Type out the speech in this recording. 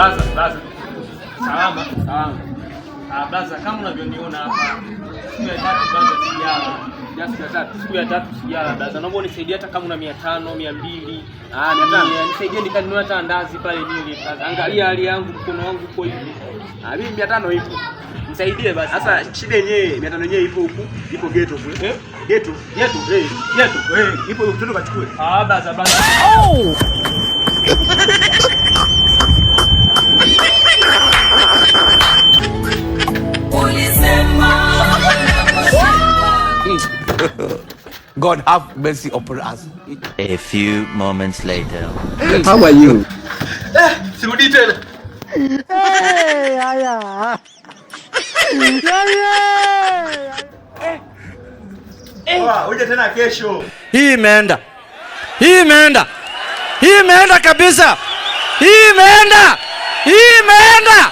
Blaza, blaza. Salama, salama. Ah, blaza kama unavyoniona hapa. Siku ya tatu blaza sijala. Just ya tatu, siku ya tatu sijala blaza. Naomba unisaidie hata kama una 500, 200. Ah, 500. Nisaidie nikanunue hata ndazi pale nili blaza. Angalia hali yangu, mkono wangu uko hivi. Ah, mimi 500 ipo. Nisaidie basi. Sasa shida yenyewe 500 yenyewe ipo huku, ipo ghetto kule. Eh? Ghetto, ghetto, eh, ghetto, eh, ipo ukitoka chukue. Ah, blaza, blaza. Oh! God have mercy upon us. A few moments later. How are you? Eh, Sirudi tena. Hey, haya. Eh. Eh. Ah, uje tena kesho. Hii imeenda. Hii imeenda. Hii imeenda kabisa. Hii imeenda. Hii imeenda.